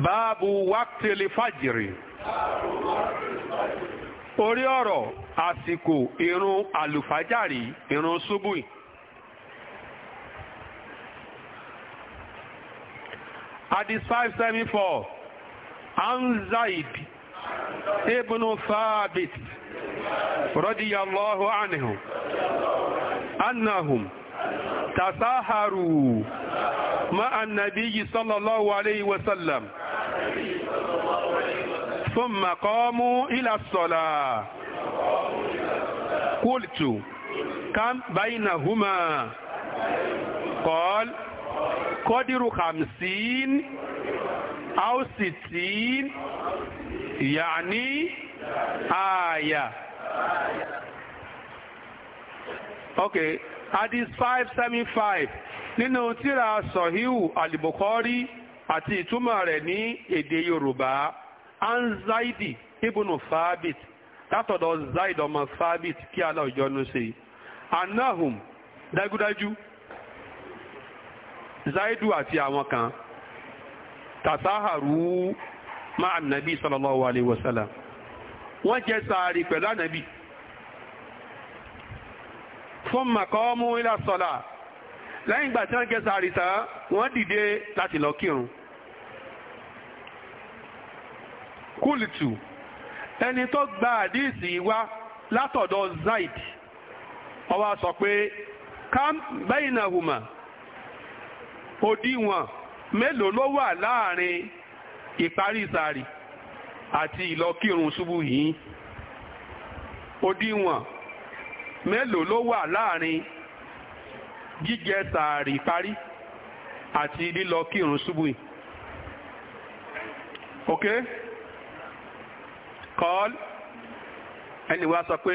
báàbù wákìtìlì fàjìrì orí ọ̀rọ̀ àsìkò irun àlùfájàrí irun ṣubúì hadith five seven four anzaid ibn thabit radiyallahu anhu annahum tasaharu ma'a an-nabiyyi sallallahu alayhi wa sallam. ثم قاموا إلى الصلاة قلت كم بينهما قال قدر خمسين أو ستين يعني آية okay hadith five seven five nínú tírà sọ̀híù àlìbùkọ́rí àti ìtumọ̀ rẹ̀ ní èdè yorùbá anzaidi ibùnú fabit látọ̀dọ̀ zaid ọmọ fabit kí Allah yọ́nú sí i anahum dájúdájú zaidu àti àwọn kan tasaharu máa nàbí sallallahu alaihi wasallam wọ́n jẹ sàárì pẹ̀lú ànàbí fún màkọ́ mú ilá sọ́lá lẹ́yìn ìgbà tí wọ́n jẹ sàárì tán wọ́n dìde láti lọ kírun kúlìtù ẹni tó gba àdíìsì wá látọ̀dọ̀ zaid ó wá sọ pé kam bainahuma òdiwọ̀n mélòó ló wà láàrin ìparí ìsàrì àti ìlọkírun ṣubú yìí òdiwọ̀n mélòó ló wà láàrin jíjẹ sàárì parí àti lílọ kírun ṣubú yìí Okay kọ́ọ̀lù ẹni wá sọ pé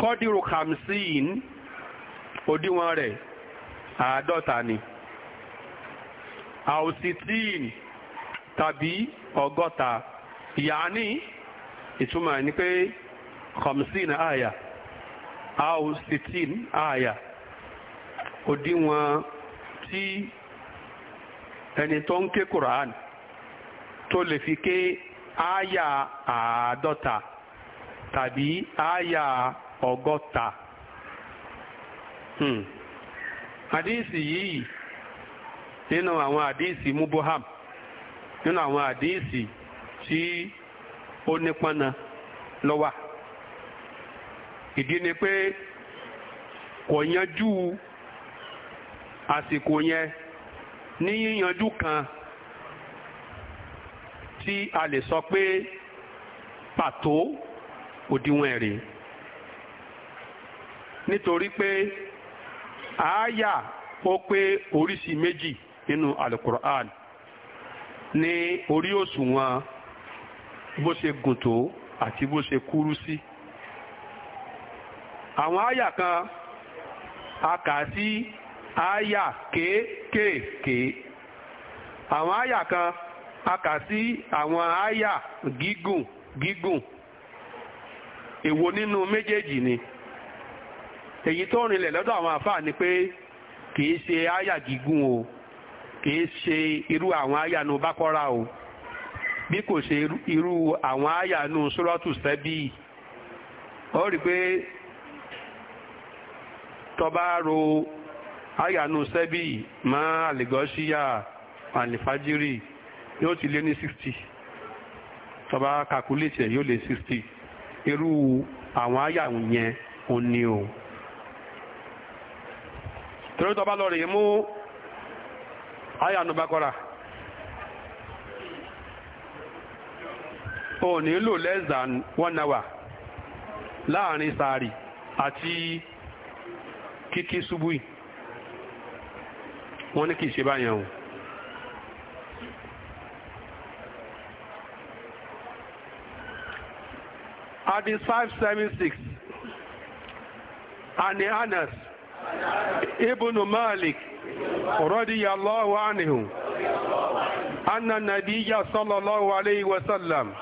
kọ́dírù hamsin òdiwọ̀n rẹ̀ àádọ́ta ni àòsìtíìn tàbí ọgọ́ta yàní ìtumọ̀ ni pé hamsin àyà àòsìtíìn àyà òdiwọ̀n tí ẹni tó ń ké Quran tó lè fi ké Aya àádọ́ta tàbí aya ọgọ́ta. Hmm. Àdíìsì yìí nínú àwọn àdíìsì Muboham nínú àwọn àdíìsì tí ó nípọnà lọ́wà. Ìdí ni pé kò yanjú àsìkò yẹn ní yíyanjú kan. tí a lè sọ pé pàtó òdiwọ̀n èrè nítorí pé àáyà ó pé oríṣi méjì nínú alukur'an ní orí òṣùwọ̀n bó ṣe gùn tó àti bó ṣe kúrú sí àwọn àáyà kan a kà sí àáyà kéékèèké àwọn àyà kan a kà sí àwọn àyà gígùn gígùn èwo nínú méjèèjì ni èyí tó rìnlẹ̀ lọ́dọ̀ àwọn àfáà ni pé kìí ṣe àyà gígùn o kìí ṣe irú àwọn àyà nù bákọ́ra o bí kò ṣe irú àwọn àyà nù sọ́rọ́tù sẹ́bí ó rí pé tọ́ba ro àyà nu sẹ́bí máa àlègọ́síyà àlèfájírì. yóò ti lé ní sixty tọba calculate yóò lé sixty irú àwọn àyà yẹn ò ní o torí tọba lọ rèé mú àyà nubakọ́ra ò ní lò less than one hour láàrin sàárì àti kíkí ṣubú yìí wọ́n ní kì ṣe báyẹn o. Hadith 576. عن أنس ابن مالك رضي الله عنه أن النبي صلى الله عليه وسلم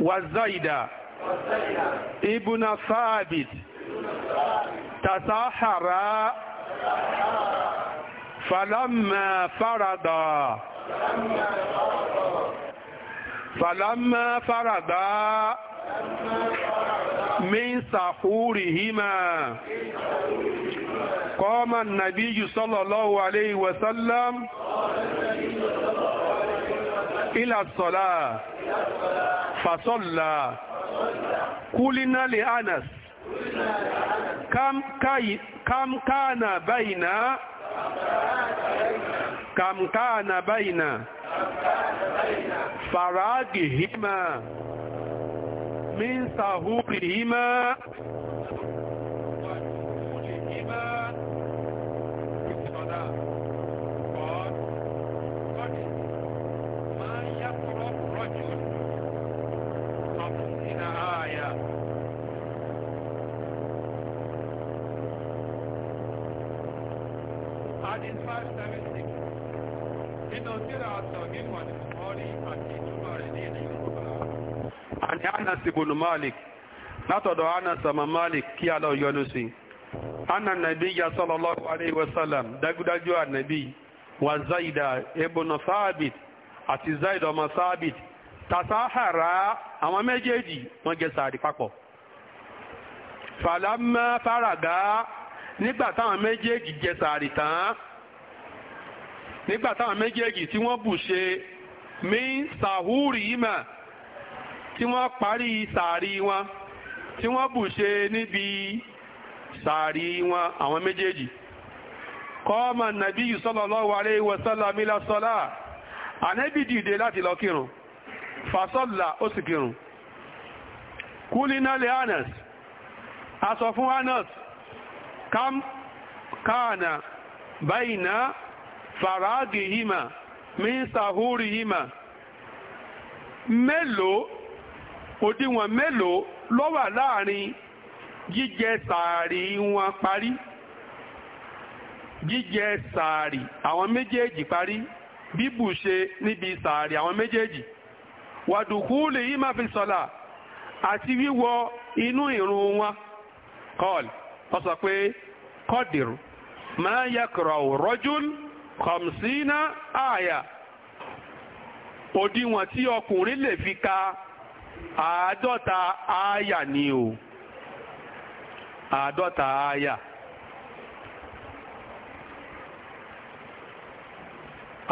وزيد ابن ثابت تسحر فلما فرض فلما فردا من سحورهما قام النبي صلى الله عليه وسلم إلى الصلاة فصلى قلنا لأنس كم, كي كم كان بين كم كان بين فرعجهما من سهولهما Hadis 576 nínú tíra àtàgé wà ní bukori àti ìtumọ̀ rẹ̀ ní èdè yorùbá. àní anas ibn malik látọ̀dọ̀ anas ọmọ malik kí a lọ yọ́nú sí anna nabi ya sallallahu alayhi wa sallam dájúdájú anabi wa zaida ibn thabit àti zaida ọmọ thabit tasahara àwọn méjèèjì wọ́n jẹ sàárì papọ̀ falama faraga nígbà táwọn méjèèjì jẹ sàárì tán nígbà táwọn méjèèjì tí wọ́n bù ṣe min sahuri ima tí wọ́n parí sàárì wọn tí wọ́n bù ṣe níbi sàárì wọn àwọn méjèèjì kọ́ọ̀mà nàbí sallallahu alayhi wa sallam ila sọ́lá ànẹ́bì dìde láti lọ kírun fàṣọ́là ó sì kírun kúlínà anas a fún anas kam káàna báyìí náà faragihima min sahurihima mélòó òdiwọ̀n mélòó ló wà láàrin jíjẹ sàárì wọn parí jíjẹ sàárì àwọn méjèèjì parí bíbù ṣe níbi sàárì àwọn méjèèjì wàdùkúlì yìí máa fi sọ̀là àti wíwọ inú ìrun wọn kọl, ọ sọ pé kọ́dìrú máa kọ̀msínà àyà òdiwọ̀n tí ọkùnrin lè fi ka àádọ́ta àyà ni o àádọ́ta àyà.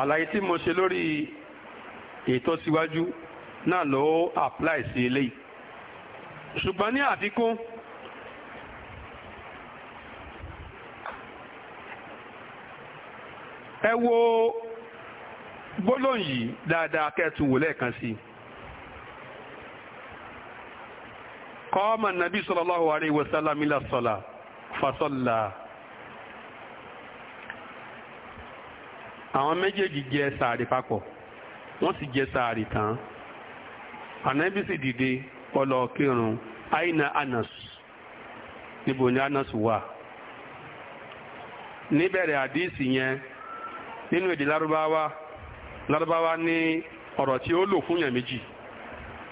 àlàyé tí mo ṣe lórí ètò síwájú náà ló apply sí eléyìí ṣùgbọ́n ní àfikún. ẹ wo gbólóhùn yìí dáadáa kẹ́ẹ̀tù wò lẹ́ẹ̀kan sí kọ́ọ̀mà nàbí sallallahu alayhi wa sọ́lá fasọ́lá àwọn méjèèjì jẹ sàárì papọ̀ wọ́n sì jẹ sàárì tán sì dìde ọlọ kírun aina anas níbo ni anas wà níbẹ̀rẹ̀ àdíìsì yẹn nínú èdè larubawa lárúbáwá ní ọ̀rọ̀ tí ó lò fún yàn méjì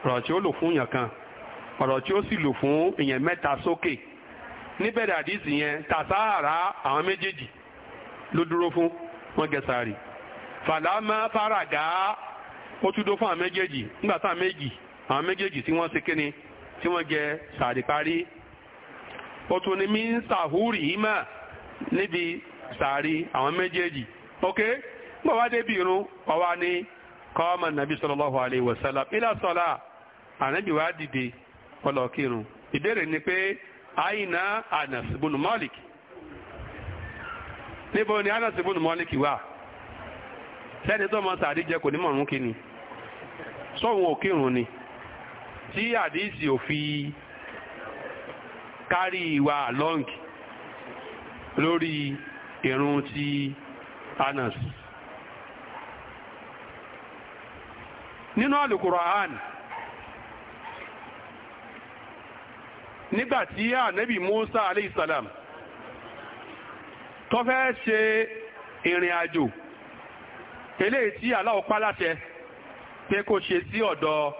ọ̀rọ̀ tí ó lò fún yàn kan ọ̀rọ̀ tí ó sì lò fún èèyàn mẹ́ta sókè níbẹ̀rẹ̀ àdìsí yẹn tàṣàrà àwọn méjèèjì ló dúró fún wọn gẹ̀sàrì fàlámà fàràgà ó tún dó fún àwọn méjèèjì nígbà táwọn méjì àwọn méjèèjì tí wọ́n ṣe kíni tí wọ́n jẹ sàrì parí ó tún ní mí ń sàhúrì yìí mà níbi sàrì àwọn méjèèjì ok mo wá débi irun ọwá ní kọ́ọ̀mà nàbí sallallahu alayhi wa sallam ila sọ́lá ànábì wá dìde ọlọ́kírun ìbéèrè ni pé àyìnà Anas ibn Malik níbo ni Anas ibn Malik wà sẹ́ni tó mọ sàdí jẹ kò ní mọ̀rún kí ni kárí ìwà lọ́ǹgì lórí ìrun ti. Anas nínú alukur'an nígbàtí ànábì Musa aleyhisalam tó fẹ́ ṣe ìrìn àjò eléyìí tí Allah pa láṣẹ pé kò ṣe sí ọ̀dọ̀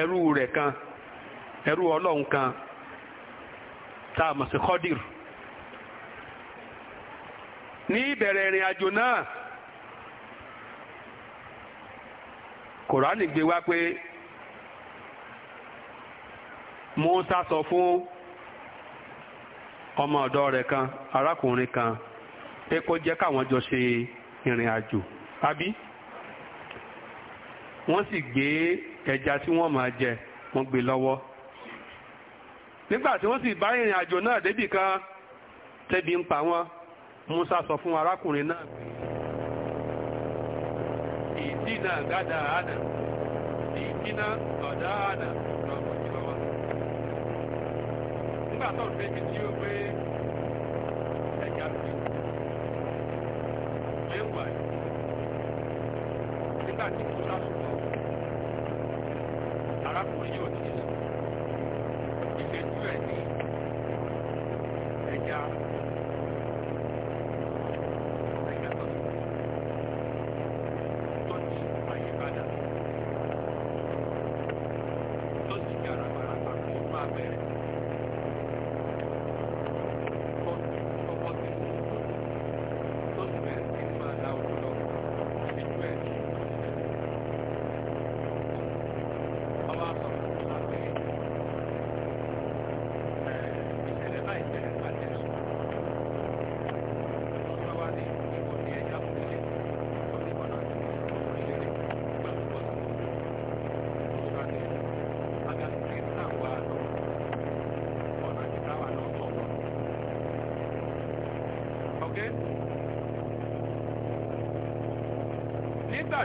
ẹrú rẹ̀ kan ẹrú ọlọ́run kan tá a mọ̀ ní ìbẹ̀rẹ̀ ìrìn àjò náà kòránì gbé wá pé Mùsá sọ fún ọmọ ọ̀dọ́ rẹ̀ kan arákùnrin kan pé kó jẹ́ káwọn jọ ṣe ìrìn àjò àbí wọ́n sì gbé ẹja tí wọ́n máa jẹ wọ́n gbé lọ́wọ́ nígbà tí wọ́n sì bá ìrìn àjò náà débì kan tẹ́bi ń pa wọ́n Musa sọ fún arákùnrin náà pé ìdínà gádà ànà ìdínà ọ̀dà ànà lọ́wọ́ ti lọ́wọ́. nígbà tó ń débi tí ó gbé ẹja fi mẹ́wàá nígbà tí Musa sọ.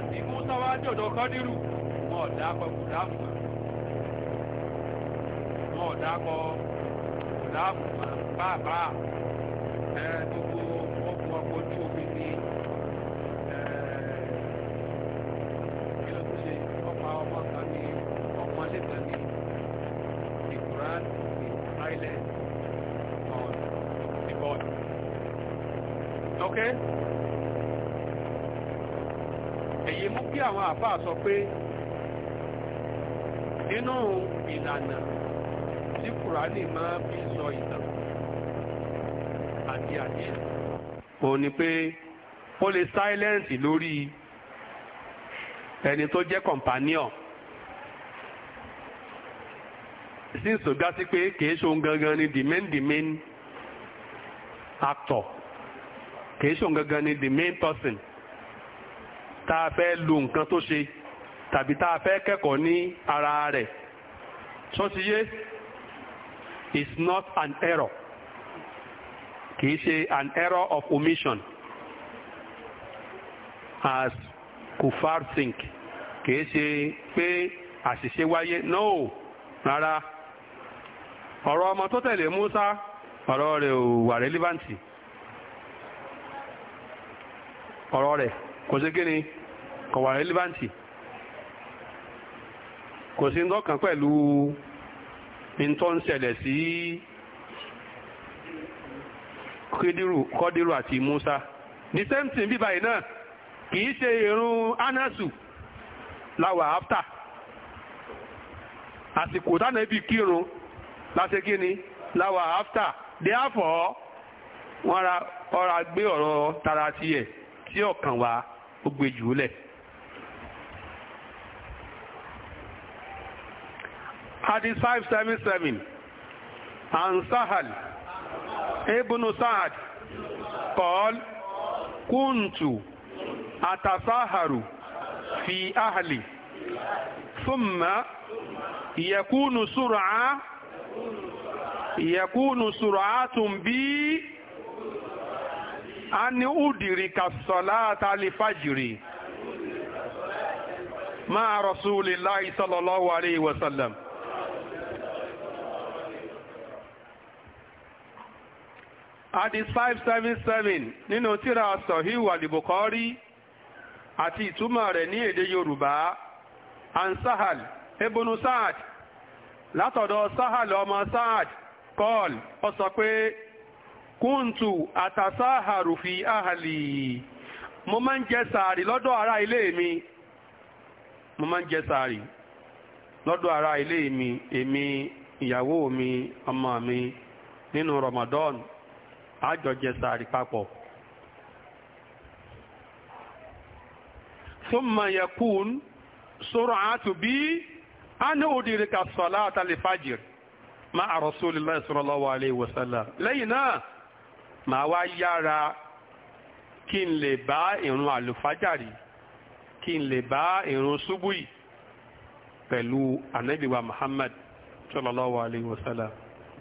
tí Musa wá dọ̀dọ̀ kọ́dírù wọn ò dákọ gùdáàmù mọ́ wọn ò dákọ gùdáàmù mọ́ bàbá ẹ gbogbo ọkùn ọkọ̀ ojú omi ni kí ló tún ṣe ọ̀pá ọmọ kan ní ọmọ lẹ́gbẹ̀ẹ́ ní ìkúrá ní Island on the Okay? àwọn àbá sọ pé nínú ìlànà tí kùránì máa fi sọ ìtàn àti àdé ò ní pé ó lè sáílẹ́ǹsì lórí ẹni tó jẹ́ kọ̀m̀pánìọ̀ sí ìsòdá sí pé kìí ṣohun gangan ni the main the main actor kìí ṣohun gangan ni the main person tá a fẹ́ lo nǹkan tó ṣe tàbí tá a fẹ́ kẹ́kọ̀ọ́ ní ara rẹ̀ sọ́tiyé is not an error kì í ṣe an error of omission as kufar think kì í ṣe pé àṣìṣe wáyé no rárá ọ̀rọ̀ ọmọ tó tẹ̀lé Musa ọ̀rọ̀ rẹ̀ ò wà rẹ́líváǹtì ọ̀rọ̀ rẹ̀ kò sí kíni kò wà rẹ́líbáǹtì kò sí ńdọ́kàn pẹ̀lú ntọ́ ń ṣẹlẹ̀ sí kọ́dírù àti Musa the same thing bí báyìí náà kì ṣe irun anasu láwà after àsìkò tánà ibi kírun láti kíni láwà after therefore wọ́n ra ọ̀rọ̀ gbé ọ̀rọ̀ tara tiẹ̀ tí ọ̀kan wá ó gbé jù ú lẹ̀. hadith five seven seven an sahal ibn sa'ad qal kuntu atasaharu fi ahli thumma yakunu sur'a yakunu sur'atun bi ani udiri ka salata li fajiri ma rasulillahi sallallahu alaihi wasallam hadith 577 nínú tírà sahihu al-bukhari ati ituma rẹ̀ ni-ede Yoruba, an sahal ibn sa'ad látọ̀dọ̀ sahal ọmọ sa'ad kọ́ọ̀l ó sọ pe. kúntù àtàsáhàrù fi áhàlì mo máa ń jẹ sàárì lọ́dọ̀ ará ilé mi mo máa ń jẹ sàárì lọ́dọ̀ ará ilé mi èmi ìyàwó mi ọmọ mi nínú Ramadan a jẹ sàárì papọ̀ ثم يكون سرعة بي أن أدرك الصلاة لفجر مع رسول الله صلى الله عليه وسلم لينا màá wá yára kí n lè bá ìrun àlùfájàrí kí n lè bá ìrun ṣubúì pẹ̀lú ànábìwá Muhammad sallallahu alayhi wa sallam.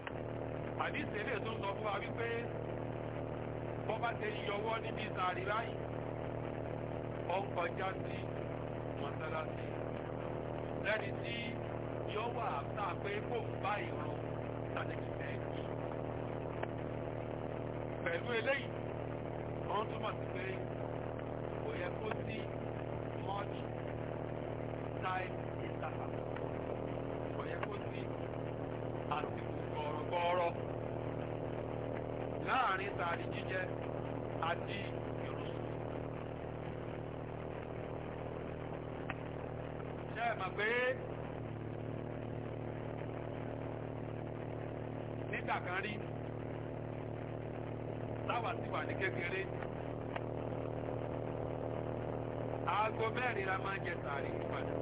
tó ń sọ fún wa wípé bọ́ bá ṣe yọwọ́ níbi sàárì báyìí ó ń kọjá sí mọ́sálásí lẹ́ni tí yọ wà sáà pé kóun bá ìrun tàbí kìí pẹ̀lú eléyìí wọ́n túmọ̀ sí pé kò yẹ kó sí much time interval kò yẹ kó sí àsìkò gọ̀ọ̀rọ̀gọ̀ọ̀rọ̀ láàrin sàárì jíjẹ àti ìrun. ṣé ẹ mọ̀ pé nígbà kan rí bá ti wà ní kékeré aago mẹ́rin la máa ń jẹ sàárì ìbàdàn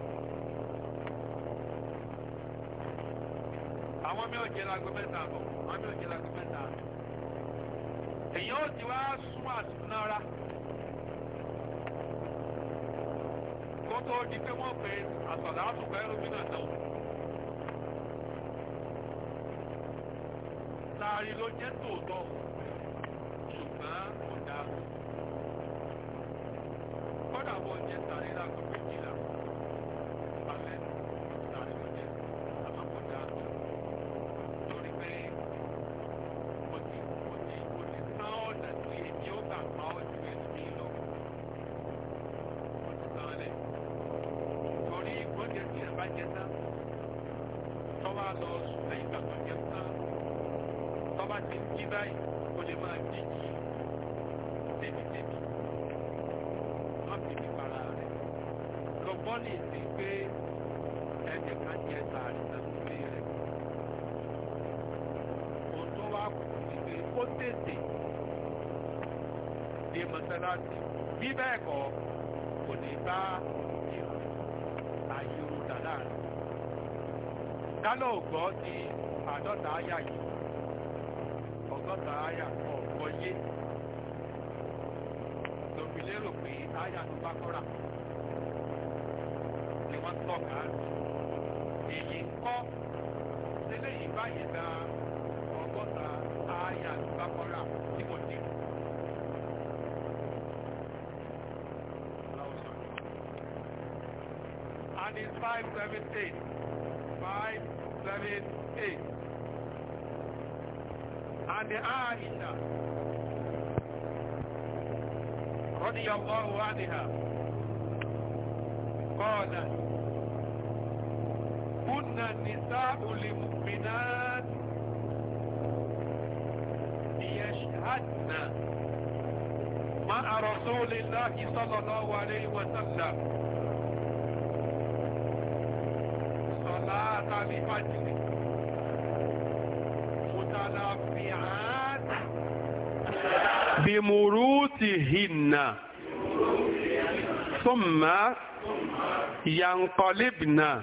àwọn mi ò jẹ láago mẹ́ta àbọ̀ àwọn mi ò jẹ láago mẹ́ta àbọ̀ èyàn ò ti wá sún àsùnára kó tó di pé wọ́n pe àtọ̀lá àtùkọ́ ẹlòmínà náà sàárì ló jẹ́ tòótọ́. ti jí báyìí kò lè máa jíjí tèmítèmí má fi mi para rẹ̀ lọ́gbọ́n ní ìsìn pé ẹ̀jẹ̀ ká jẹ́ sàárì lọ́sùn lé rẹ̀ ohun tó wá kù sí pé ó tètè dé mọ́sálásí bí bẹ́ẹ̀ kọ́ kò ní bá ìrù ayé orúdà láàrin. dálọ́ ògbọ́ ti àádọ́ta ayá yìí àádọ́ta àyà ọ̀pọ̀ yé lòbí lérò pé àyà tó bá kọ́ra ni wọ́n tọ́ka sí èyí ń kọ́ lélẹ́ yìí báyìí na ọgọ́ta àyà tó bá kọ́ra tí mo dì. And it's 578. 578. عن عائشة رضي الله عنها قالت كن النساء لمؤمنات ليشهدن مع رسول الله صلى الله عليه وسلم صلاة الفجر بمروتهن ثم ينقلبن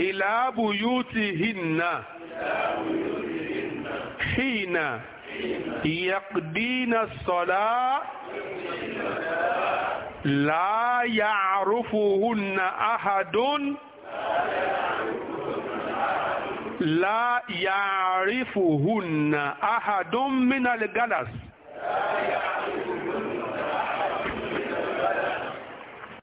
إلى بيوتهن حين يقضين الصلاة لا يعرفهن أحد لا la ya'rifuhunna ahadun minal galas. la ya'rifuhunna.